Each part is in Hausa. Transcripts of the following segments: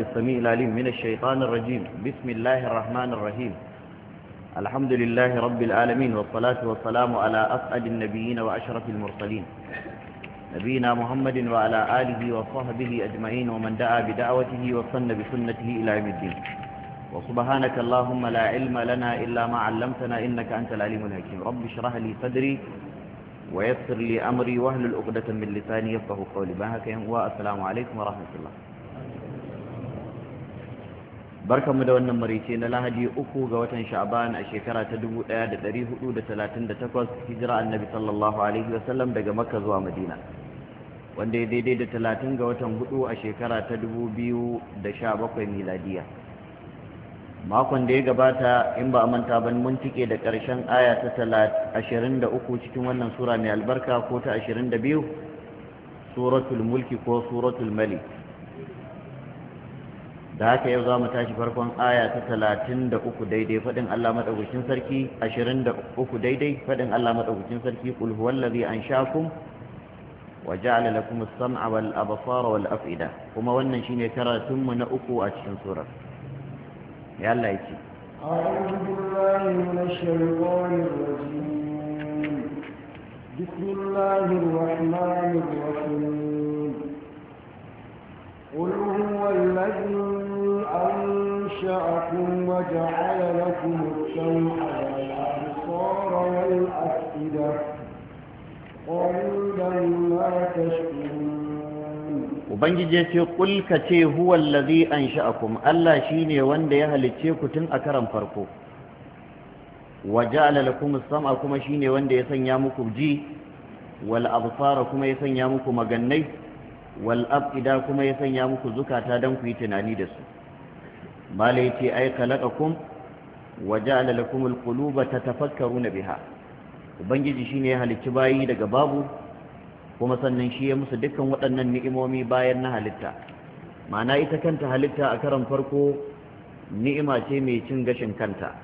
السميع العليم من الشيطان الرجيم بسم الله الرحمن الرحيم الحمد لله رب العالمين والصلاة والسلام على أسعد النبيين وأشرف المرسلين نبينا محمد وعلى آله وصحبه أجمعين ومن دعا بدعوته وصن بسنته إلى عم الدين وسبحانك اللهم لا علم لنا إلا ما علمتنا إنك أنت العليم الحكيم رب اشرح لي صدري ويسر لي أمري واهل الأقدة من لساني يفقه قولي بهك والسلام عليكم ورحمة الله mu da wannan marice na lahadi uku ga watan sha'ban a shekara ta 1438 hijira annabi sallallahu alaihi wasallam daga makka zuwa madina wanda ya daidai da 30 ga watan hudu a shekara ta 2017 miladiya makon da ya gabata in ba a manta ban mun tike da karshen aya ta 23 cikin wannan sura mai albarka ko ta 22 suratul mulki ko suratul malik da haka yau za mu tashi farkon aya ta talatin da uku daidai faɗin Allah maɗaukakin sarki ashirin da uku daidai faɗin Allah maɗaukakin sarki ƙul huwallazi an shakum wa ja'ala lakum as-sam'a wal absara wal af'ida kuma wannan shine karatun mu na uku a cikin surar ya Allah yace a'udhu billahi minash shaitanir rajim bismillahir rahmanir ubangiji ya ce kulka ce huwal ladhi ansha'akum Allah shine wanda ya halicce ku tun a karan farko wa a lakum as-sam'a kuma shine wanda ya sanya muku ji wal absara kuma ya sanya muku magannai wal afida kuma ya sanya muku zukata dan ku yi tunani da su malai ce ai khalaqakum wa ja'ala lakum al-quluba tatafakkaruna biha ubangiji shine ya halicci bayi daga babu kuma sannan shi ya musu dukkan waɗannan ni'imomi bayan na halitta ma'ana ita kanta halitta a karan farko ni'ima ce mai cin gashin kanta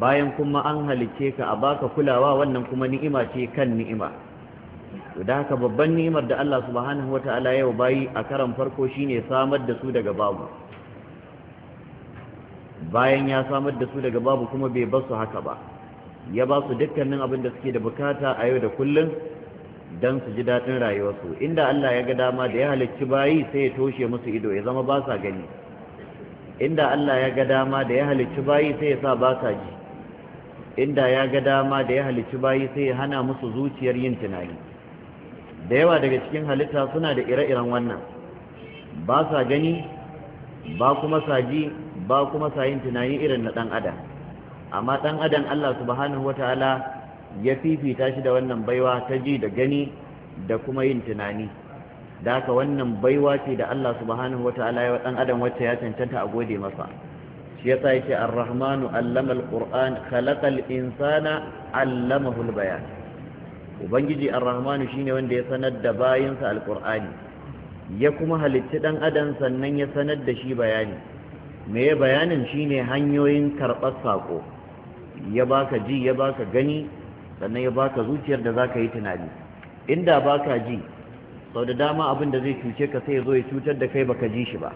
bayan kuma an halicce ka a baka kulawa wannan kuma ni'ima ce kan ni'ima to da haka babban ni'imar da Allah subhanahu wata'ala yau bayi a karan farko shine samar da su daga babu bayan ya samar da su daga babu kuma bai basu haka ba ya ba su dukkanin abin da suke da bukata a yau da kullum don su ji daɗin rayuwarsu inda Allah ya ga dama da ya halicci bayi sai ya toshe musu ido ya zama ba sa gani inda Allah ya ga dama da ya halicci bayi sai ya sa ba sa ji inda ya ga dama da ya halicci bayi sai ya hana musu zuciyar yin tunani da yawa daga cikin halitta suna da ire-iren wannan ba sa gani ba kuma sa ji ba kuma sa yin tunani irin na ɗan adam amma ɗan adam Allah subhanahu wataala ya fifita shi da wannan baiwa ta ji da gani da kuma yin tunani da haka wannan baiwa ce da Allah subhanahu wa ta'ala ya dan adam wacce ya cancanta a gode masa shi ya sa yake ar-rahmanu allama al-qur'an al insana allamahu al-bayan ubangiji ar-rahmanu shine wanda ya sanar da bayinsa al-qur'ani ya kuma halitta dan adam sannan ya sanar da shi bayani me bayanin shine hanyoyin karbar sako ya baka ji ya baka gani sannan ya baka zuciyar da zaka yi tunani inda baka ji sau da dama abin da zai cuce ka sai ya zo ya cutar da kai baka ji shi ba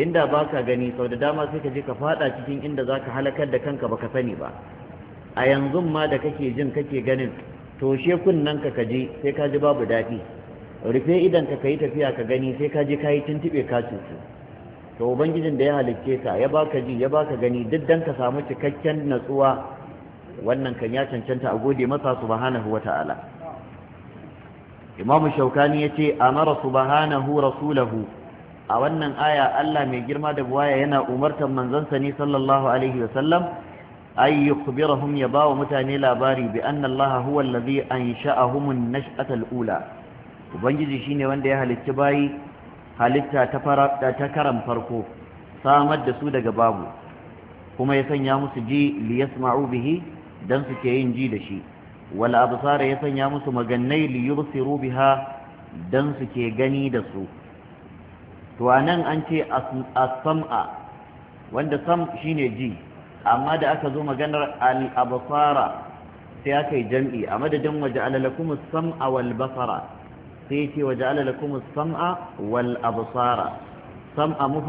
inda baka gani sau da dama sai ka je ka fada cikin inda zaka halakar da kanka baka sani ba a yanzu ma da kake jin kake ganin toshe kunnanka ka kaje sai ka ji babu daɗi rufe idan ka kai tafiya ka gani sai ka je ka yi ka cutu to ubangijin da ya halicce ka ya baka ji ya baka gani duk dan ka samu cikakken natsuwa wannan kan ya cancanta a gode masa subhanahu wata'ala imamu shaukani ya ce amara subhanahu rasulahu a wannan aya Allah mai girma da buwaya yana umartar manzansa ne sallallahu alaihi wasallam ay yukhbirahum ya bawa mutane labari bi anna Allah huwa allazi ansha'ahum an-nash'ata al-ula ubangiji shine wanda ya halicci bayi halitta ta fara ta karan farko samar da su daga babu kuma ya sanya musu ji liyasma'u bihi dan suke yin ji da shi wal absara ya sanya musu magannai li yubsiru biha dan suke gani da su to anan an ce as-sam'a wanda sam shine ji amma da aka zo maganar al-absara sai aka yi jam'i a madadin waja'ala lakum sama wal basara sai ce waje lakum as-sam'a wal absara sam'a